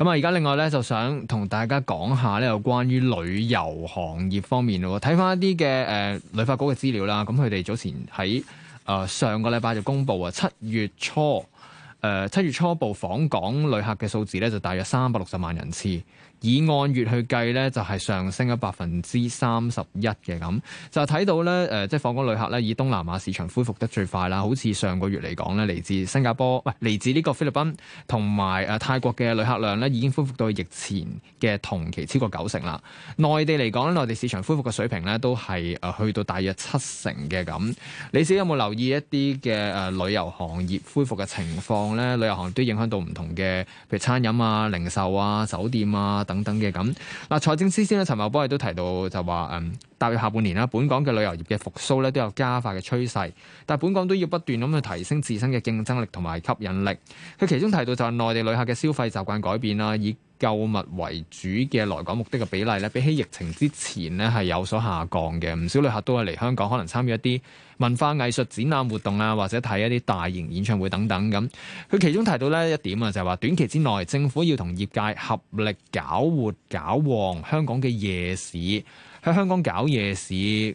咁啊，而家另外咧，就想同大家講下呢，有關於旅遊行業方面咯。睇翻一啲嘅旅發局嘅資料啦。咁佢哋早前喺、呃、上個禮拜就公布啊，七月初誒、呃、七月初步訪港旅客嘅數字咧，就大約三百六十萬人次。以按月去計咧，就係、是、上升咗百分之三十一嘅咁。就睇到咧即係訪港旅客咧，以東南亞市場恢復得最快啦。好似上個月嚟講咧，嚟自新加坡，嚟自呢個菲律賓同埋泰國嘅旅客量咧，已經恢復到疫情嘅同期超過九成啦。內地嚟講咧，內地市場恢復嘅水平咧，都係去到大約七成嘅咁。你小有冇留意一啲嘅旅遊行業恢復嘅情況咧？旅遊行業都影響到唔同嘅，譬如餐飲啊、零售啊、酒店啊。等等嘅咁嗱，財政司司長陳茂波亦都提到就話，嗯，踏入下半年啦，本港嘅旅遊業嘅復蘇咧都有加快嘅趨勢，但係本港都要不斷咁去提升自身嘅競爭力同埋吸引力。佢其中提到就係內地旅客嘅消費習慣改變啦，以購物為主嘅來港目的嘅比例咧，比起疫情之前咧係有所下降嘅。唔少旅客都係嚟香港，可能參與一啲文化藝術展覽活動啊，或者睇一啲大型演唱會等等咁。佢其中提到呢一點啊、就係，就係話短期之內政府要同業界合力搞活搞旺香港嘅夜市。喺香港搞夜市，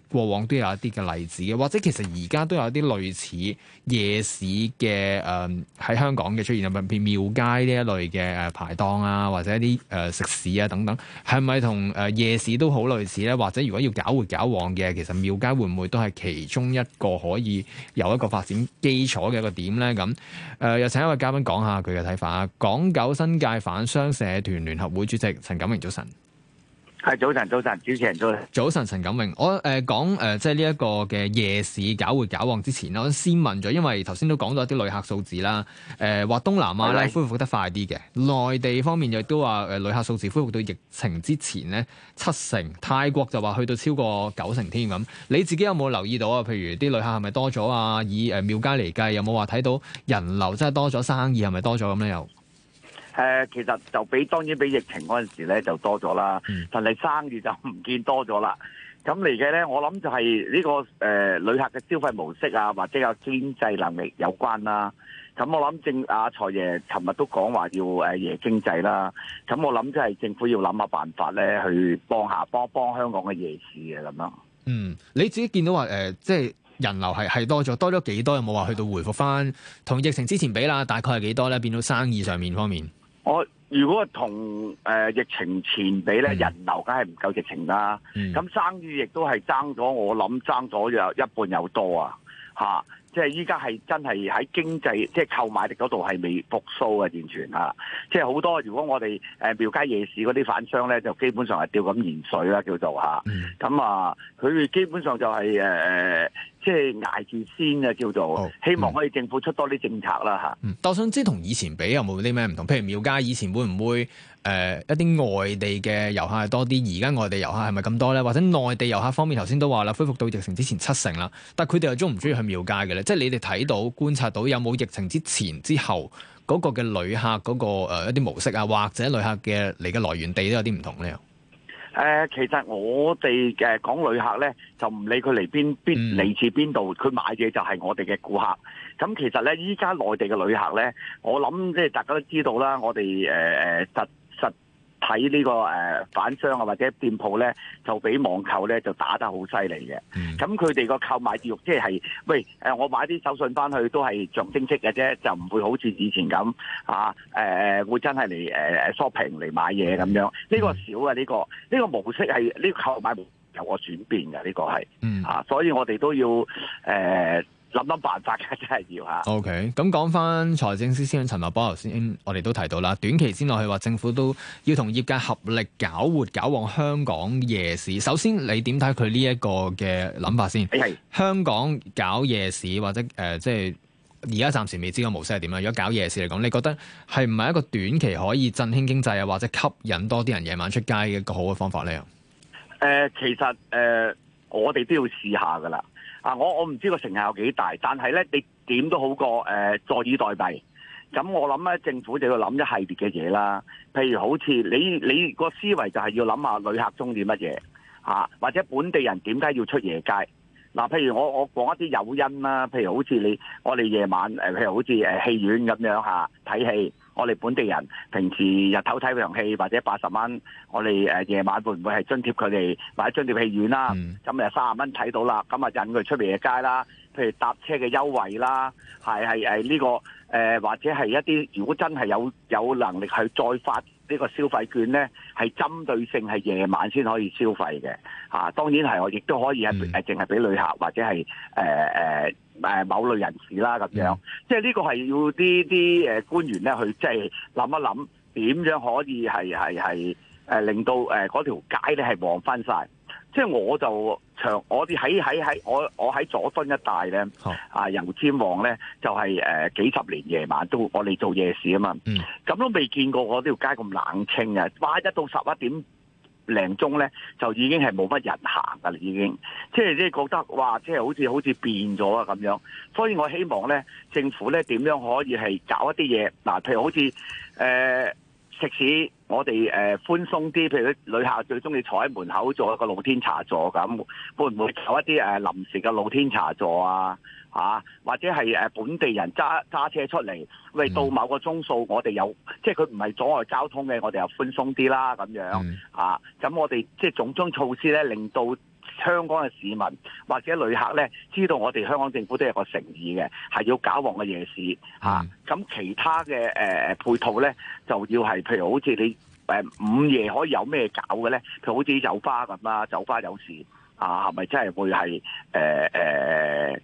過往都有一啲嘅例子嘅，或者其實而家都有一啲類似夜市嘅誒喺香港嘅出現，現，譬如廟街呢一類嘅排檔啊，或者一啲誒、呃、食肆啊等等，係咪同誒夜市都好類似咧？或者如果要搞活搞旺嘅，其實廟街會唔會都係其中一個可以有一個發展基礎嘅一個點咧？咁誒，又、呃、請一位嘉賓講下佢嘅睇法啊！港九新界反商社團聯合會主席陳錦榮，早晨。係早晨，早晨，主持人早晨。早晨，陳錦榮，我誒講誒，即係呢一個嘅夜市搞活搞旺之前啦，我先問咗，因為頭先都講咗一啲旅客數字啦。誒、呃，話東南亞咧恢復得快啲嘅，內地方面亦都話誒旅客數字恢復到疫情之前咧七成，泰國就話去到超過九成添咁。你自己有冇留意到啊？譬如啲旅客係咪多咗啊？以誒廟、呃、街嚟計，有冇話睇到人流真係多咗，生意係咪多咗咁咧？又？誒、呃，其實就比當然比疫情嗰陣時咧就多咗啦，嗯，但係生意就唔見多咗啦。咁嚟嘅咧，我諗就係呢、這個誒、呃、旅客嘅消費模式啊，或者有經濟能力有關、啊啊說說啊、啦。咁我諗正阿財爺尋日都講話要誒夜經濟啦。咁我諗即係政府要諗下辦法咧，去幫下幫幫香港嘅夜市嘅咁樣。嗯，你自己見到話誒、即、呃、係、就是、人流係係多咗，多咗幾多有冇話去到回復翻同疫情之前比啦？大概係幾多咧？變到生意上面方面？我如果同誒、呃、疫情前比咧，人流梗係唔夠疫情啦，咁、嗯、生意亦都係爭咗，我諗爭咗有一半有多啊，嚇、啊！即係依家係真係喺經濟即係購買力嗰度係未復甦嘅，完全啊！即係好多，如果我哋誒廟街夜市嗰啲販商咧，就基本上係吊緊鹽水啦、啊，叫做吓。咁啊，佢、嗯、哋、啊、基本上就係、是、誒。呃即係挨住先嘅叫做，希望可以政府出多啲政策啦、嗯、但我想知同以前比有冇啲咩唔同？譬如廟街以前會唔會誒、呃、一啲外地嘅遊客係多啲，而家外地遊客係咪咁多咧？或者內地遊客方面，頭先都話啦，恢復到疫情之前七成啦，但佢哋又鍾唔鍾意去廟街嘅咧？即、就、係、是、你哋睇到觀察到有冇疫情之前之後嗰、那個嘅旅客嗰、那個一啲、呃、模式啊，或者旅客嘅嚟嘅來源地都有啲唔同咧。誒、呃，其實我哋嘅講旅客咧，就唔理佢嚟邊邊，嚟自邊度，佢買嘅就係我哋嘅顧客。咁、嗯、其實咧，依家內地嘅旅客咧，我諗即係大家都知道啦，我哋誒、呃喺呢、這個誒、呃、販商啊，或者店鋪咧，就俾網購咧就打得、mm-hmm。就是、就好犀利嘅。咁佢哋個購買慾，即係喂誒，我買啲手信翻去都係象徵式嘅啫，就唔會好似以前咁嚇誒，會真係嚟誒誒 shopping 嚟買嘢咁樣。呢個少啊，呢個呢個模式係呢個購買由我轉變嘅，呢個係啊，所以我哋都要誒。呃諗諗辦法嘅真係要吓。OK，咁講翻財政司司長陳茂波頭先，我哋都提到啦，短期之內去話政府都要同業界合力搞活、搞旺香港夜市。首先，你點睇佢呢一個嘅諗法先？係、哎、香港搞夜市或者誒，即係而家暫時未知個模式係點樣。如果搞夜市嚟講，你覺得係唔係一個短期可以振興經濟啊，或者吸引多啲人夜晚出街嘅一個好嘅方法咧？誒、呃，其實誒、呃，我哋都要試下噶啦。啊！我我唔知個成效有幾大，但係咧，你點都好過誒、呃、坐以待斃。咁我諗咧，政府就要諗一系列嘅嘢啦。譬如好似你你個思維就係要諗下旅客中意乜嘢嚇，或者本地人點解要出夜街嗱、啊？譬如我我講一啲誘因啦，譬如好似你我哋夜晚誒，譬如好似誒戲院咁樣嚇睇、啊、戲。我哋本地人平時日頭睇場戲或者八十蚊，我哋、呃、夜晚會唔會係津貼佢哋買津貼戲院啦？咁啊三十蚊睇到啦，咁啊引佢出嚟嘅街啦。譬如搭車嘅優惠啦，係係係呢個、呃、或者係一啲如果真係有有能力去再發呢個消費券咧，係針對性係夜晚先可以消費嘅。嚇、啊，當然係我亦都可以係誒，淨係俾旅客或者係誒誒。呃呃誒、呃、某類人士啦，咁樣，mm. 即係呢個係要啲啲官員咧去即係諗一諗點樣可以係係係令到誒嗰、呃、條街咧係旺返晒。即係我就長我哋喺喺喺我我喺佐敦一帶咧，啊、oh. 油、呃、尖旺咧就係、是、誒、呃、幾十年夜晚都我哋做夜市啊嘛，咁、mm. 都未見過我呢條街咁冷清啊！哇，一到十一點。零鐘咧就已經係冇乜人行㗎啦，已經即係即係覺得哇，即係好似好似變咗啊咁樣。所以我希望咧政府咧點樣可以係搞一啲嘢，嗱，譬如好似誒。呃即使我哋誒寬鬆啲，譬如旅客最中意坐喺門口做一個露天茶座咁，會唔會有一啲誒臨時嘅露天茶座啊？嚇、啊，或者係誒本地人揸揸車出嚟，喂到某個鐘數，我哋有即係佢唔係阻礙交通嘅，我哋又寬鬆啲啦咁樣、嗯、啊。咁我哋即係種種措施咧，令到。香港嘅市民或者旅客咧，知道我哋香港政府都有個誠意嘅，係要搞旺嘅夜市吓。咁、mm. 嗯、其他嘅誒誒配套咧，就要係譬如好似你誒、呃、午夜可以有咩搞嘅咧，譬如好似酒吧咁啦，酒吧有時啊，係咪真係會係誒誒。呃呃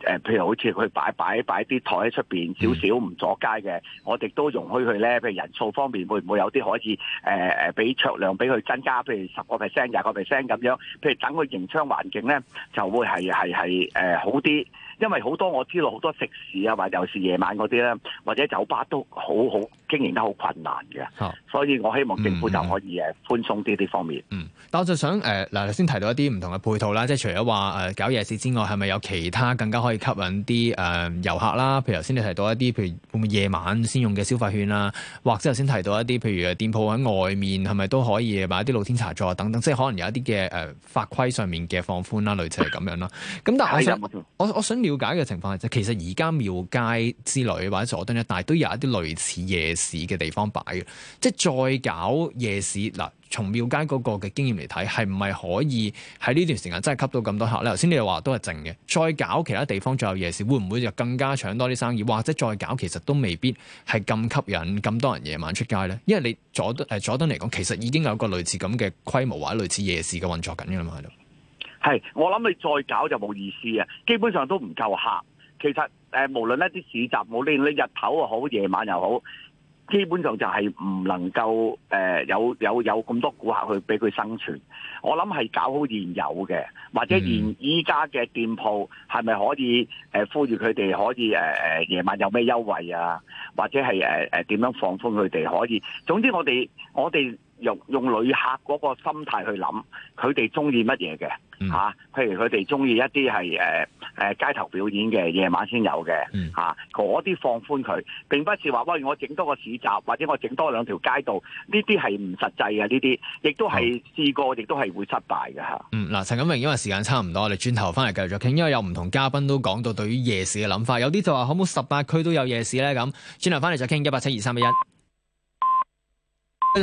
誒，譬如好似佢擺擺擺啲台喺出邊少少唔阻街嘅，我哋都容許佢咧。譬如人數方面會唔會有啲可以誒誒，俾、呃、酌量俾佢增加，譬如十個 percent、廿個 percent 咁樣。譬如等佢營商環境咧，就會係係係誒好啲。因為好多我知道好多食肆啊，或者尤其是夜晚嗰啲咧，或者酒吧都好好，經營得好困難嘅、啊，所以我希望政府就可以誒寬鬆啲啲、嗯嗯、方面。嗯，但我就想誒嗱，頭先、呃、提到一啲唔同嘅配套啦，即係除咗話、呃、搞夜市之外，係咪有其他更加可以吸引啲誒、呃、遊客啦？譬如頭先你提到一啲譬如會唔會夜晚先用嘅消費券啦？或者頭先提到一啲譬如店鋪喺外面係咪都可以擺一啲露天茶座等等，即係可能有一啲嘅誒法規上面嘅放寬啦，類似係咁樣啦。咁 但係我我想。了解嘅情況係其實而家廟街之類或者佐敦咧，但都有一啲類似夜市嘅地方擺嘅。即係再搞夜市嗱，從廟街嗰個嘅經驗嚟睇，係唔係可以喺呢段時間真係吸到咁多客咧？頭先你又話都係靜嘅。再搞其他地方再有夜市，會唔會就更加搶多啲生意？或者再搞，其實都未必係咁吸引咁多人夜晚出街咧。因為你佐敦誒佐敦嚟講，其實已經有個類似咁嘅規模或者類似夜市嘅運作緊噶啦嘛喺度。是係，我諗你再搞就冇意思啊！基本上都唔夠客。其實誒、呃，無論一啲市集，無論你日頭又好，夜晚又好，基本上就係唔能夠誒、呃，有有有咁多顧客去俾佢生存。我諗係搞好現有嘅，或者現依家嘅店鋪係咪可以誒，呼籲佢哋可以誒誒，呃、夜晚有咩優惠啊？或者係誒誒，呃、點樣放寬佢哋可以？總之我哋我哋。用用旅客嗰個心態去諗，佢哋中意乜嘢嘅嚇？譬如佢哋中意一啲係誒街頭表演嘅夜晚先有嘅嚇，嗰、嗯、啲、啊、放寬佢，並不是話喂我整多個市集或者我整多兩條街道，呢啲係唔實際嘅，呢啲亦都係試過，亦都係會失敗嘅嗯，嗱、呃，陳錦榮，因為時間差唔多，我哋轉頭翻嚟繼續再傾，因為有唔同嘉賓都講到對於夜市嘅諗法，有啲就話可唔可以十八區都有夜市咧？咁轉頭翻嚟再傾一八七二三一一。172, 3,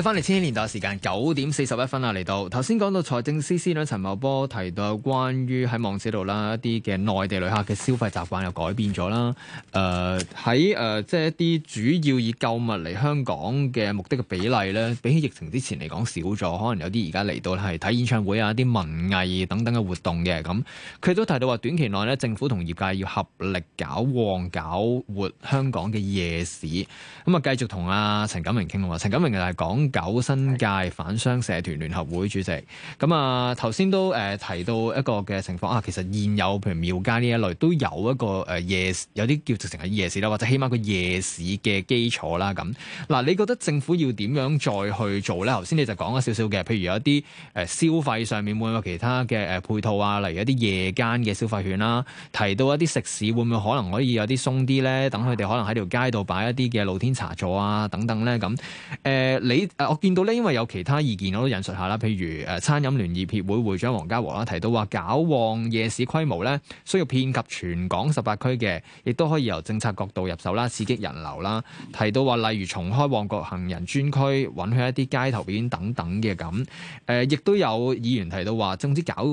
翻嚟千禧年代時間九點四十一分啊，嚟到頭先講到財政司司長陳茂波提到，關於喺網誌度啦一啲嘅內地旅客嘅消費習慣又改變咗啦。喺、呃呃、即係一啲主要以購物嚟香港嘅目的嘅比例咧，比起疫情之前嚟講少咗，可能有啲而家嚟到係睇演唱會啊、啲文藝等等嘅活動嘅。咁佢都提到話，短期內咧政府同業界要合力搞旺、搞活香港嘅夜市。咁啊，繼續同阿陳錦榮傾咯。陳錦榮就係講。九新界販商社團聯合會主席，咁啊頭先都誒提到一個嘅情況啊，其實現有譬如廟街呢一類，都有一個誒夜市有啲叫直情係夜市啦，或者起碼個夜市嘅基礎啦。咁嗱，你覺得政府要點樣再去做咧？頭先你就講咗少少嘅，譬如有一啲誒消費上面會唔會有其他嘅誒配套啊？例如一啲夜間嘅消費券啦，提到一啲食肆會唔會可能可以有啲鬆啲咧？等佢哋可能喺條街度擺一啲嘅露天茶座啊，等等咧咁。誒、呃，你？誒、呃，我見到咧，因為有其他意見，我都引述下啦。譬如誒、呃，餐飲聯業協會會會長黃家和啦，提到話搞旺夜市規模咧，需要遍及全港十八區嘅，亦都可以由政策角度入手啦，刺激人流啦。提到話，例如重開旺角行人專區，允許一啲街頭表演等等嘅咁。誒、呃，亦都有議員提到話，總之搞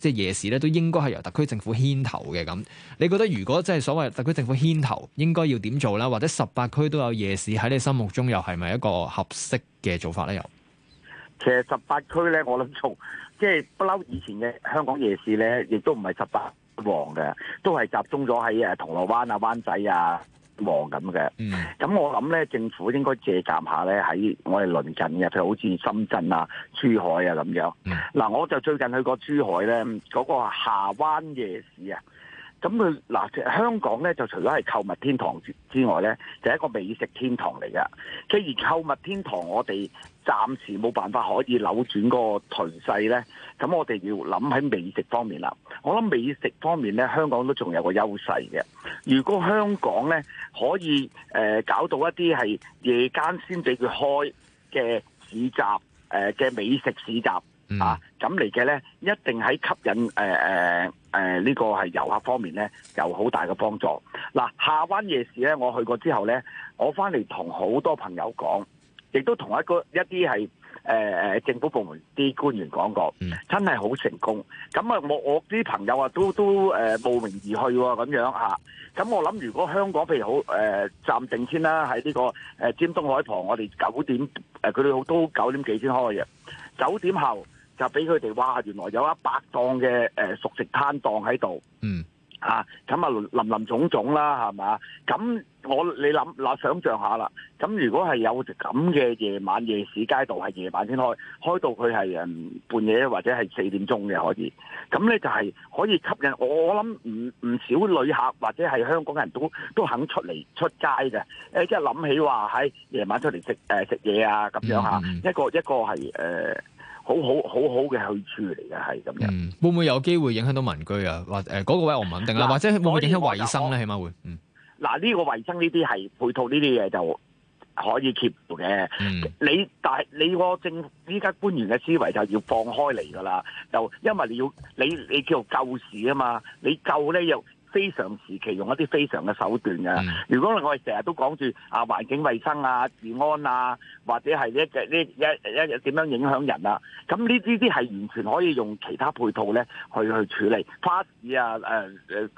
即係夜市咧，都應該係由特區政府牽頭嘅咁。你覺得如果即係所謂的特區政府牽頭，應該要點做啦？或者十八區都有夜市喺你心目中，又係咪一個合適嘅做法咧？又其實十八區咧，我諗從即係不嬲以前嘅香港夜市咧，亦都唔係十八王嘅，都係集中咗喺誒銅鑼灣啊、灣仔啊。咁、嗯、嘅，咁我諗咧政府應該借鑒下咧喺我哋鄰近嘅，譬如好似深圳啊、珠海啊咁樣。嗱、嗯，我就最近去過珠海咧，嗰、嗯那個夏灣夜市啊。咁佢嗱，香港咧就除咗係購物天堂之外咧，就係、一個美食天堂嚟㗎。既然購物天堂，我哋暫時冇辦法可以扭轉個個頹勢咧。咁我哋要諗喺美食方面啦。我諗美食方面咧，香港都仲有個優勢嘅。如果香港咧可以誒、呃、搞到一啲係夜間先俾佢開嘅市集，嘅、呃、美食市集啊，咁嚟嘅咧一定喺吸引誒、呃呃誒、呃，呢、這個係遊客方面咧，有好大嘅幫助。嗱、呃，下灣夜市咧，我去過之後咧，我翻嚟同好多朋友講，亦都同一個一啲係誒誒，政府部門啲官員講過，真係好成功。咁啊，我我啲朋友啊，都都誒、呃，慕名而去咁樣吓。咁、啊、我諗，如果香港譬如好誒，暫、呃、定先啦，喺呢、這個誒、呃、尖東海旁，我哋九點誒，佢、呃、都都九點幾先開嘅，九點後。就俾佢哋話，原來有一百檔嘅誒、呃、熟食攤檔喺度，嗯啊，咁啊林林總總啦，係咪？咁我你諗嗱，想像一下啦。咁如果係有咁嘅夜晚夜市街道，係夜晚先開，開到佢係誒半夜或者係四點鐘嘅可以。咁咧就係、是、可以吸引我諗唔唔少旅客或者係香港人都都肯出嚟出街嘅。即一諗起話，喺、哎、夜晚出嚟食誒食嘢啊咁樣吓、嗯，一個一個係誒。呃好好好好嘅去處嚟嘅係咁樣，嗯、會唔會有機會影響到民居啊？或誒嗰、呃那個位我唔穩定啊？或者會唔會影響衛生咧？起碼會，嗱、嗯、呢、啊這個衛生呢啲係配套呢啲嘢就可以 keep 到嘅。你但係你個政依家官員嘅思維就要放開嚟噶啦，就因為你要你你叫做救市啊嘛，你救咧又。非常時期用一啲非常嘅手段㗎、嗯。如果我哋成日都講住啊環境衛生啊治安啊，或者係一嘅呢一一點樣影響人啊，咁呢呢啲係完全可以用其他配套咧去去處理花市啊誒誒、呃、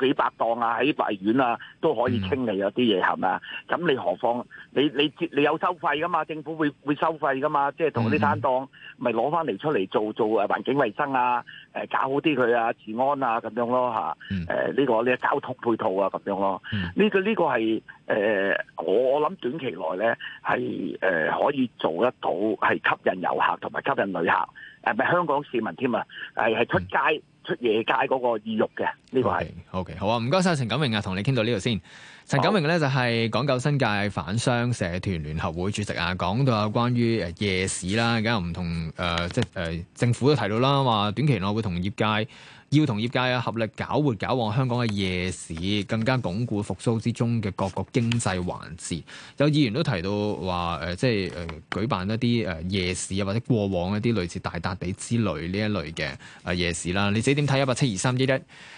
幾百檔啊喺維園啊都可以清理有啲嘢係咪啊？咁、嗯、你何況你你你有收費㗎嘛？政府會會收費㗎嘛？即係同啲攤檔咪攞翻嚟出嚟做做誒環境衛生啊誒搞好啲佢啊治安啊咁樣咯吓，呢、嗯呃呢個呢？交通配套啊，咁樣咯，呢個呢個係誒，我我諗短期內咧係誒可以做得到，係吸引遊客同埋吸引旅客，誒咪香港市民添啊，係係出街、嗯、出夜街嗰個意欲嘅，呢個係。好嘅，好啊，唔該晒，陳錦榮啊，同你傾到呢度先。陳錦榮咧就係、是、港九新界販商社團聯合會主席啊，講到有關於誒夜市啦，梗又唔同誒、呃、即係誒、呃、政府都提到啦，話短期內會同業界要同業界啊合力搞活搞旺香港嘅夜市，更加鞏固復甦之中嘅各個經濟環節。有議員都提到話誒、呃，即係誒、呃、舉辦一啲誒夜市啊，或者過往一啲類似大笪地之類呢一類嘅誒夜市啦。你自己點睇？一百七二三一一。